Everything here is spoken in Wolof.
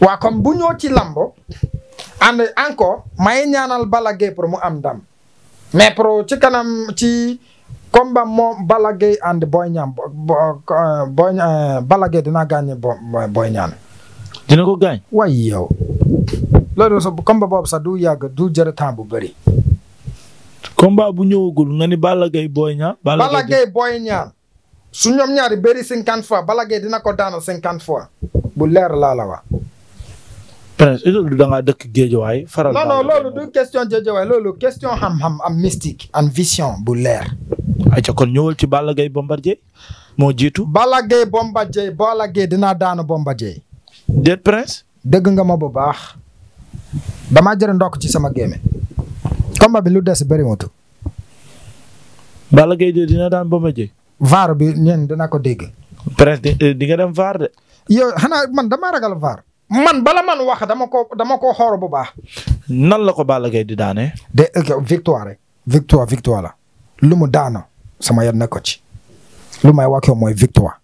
waa comme bu ñoo ci lambo and encore may ñaanal Balla Gaye pour mu am ndam mais pour ci kanam ci combat moom Balla Gaye and Boy Niang euh, Boy euh, Balla Gaye dina gagné Boy Niang dina ko gaañ. way yow loolu sa combat boobu sax du yàgg du jërë temps bu bëri. combat bu ñëwagul nga ni Balla Gaye Boy Niang. Balla Gaye Boy Niang su ñoom ñaari bëri cinquante fois Balla dina ko daanal cinquante fois bu leer laa la wax. Prince du da dëkk géejawaay waay non non loolu du question géejawaay loolu question xam-xam am mystique am vision bu leer. ayca kon ñëwal ci Balla Gaye Bombardier moo jiitu. Balla Gaye Bombardier Balla Gaye dinaa daanu Bombardier. déet Prince. dëgg nga ma bu baax. damaa jël ndokk ci sama géeme. combat bi lu des bëri motu. Balla Gaye de dina daan Bombardier. vaar bi ñeen dina ko dégg. Prince di nga dem vaar de. yow xanaa man damaa ragal vaar. man bala man wax dama ko dama ko xoor bu baax. nan la ko Balla Gaye di daane. de victoire rek. victoire victoire la. lu mu daana sama yan ne ko ci. lu may wax yow mooy victoire.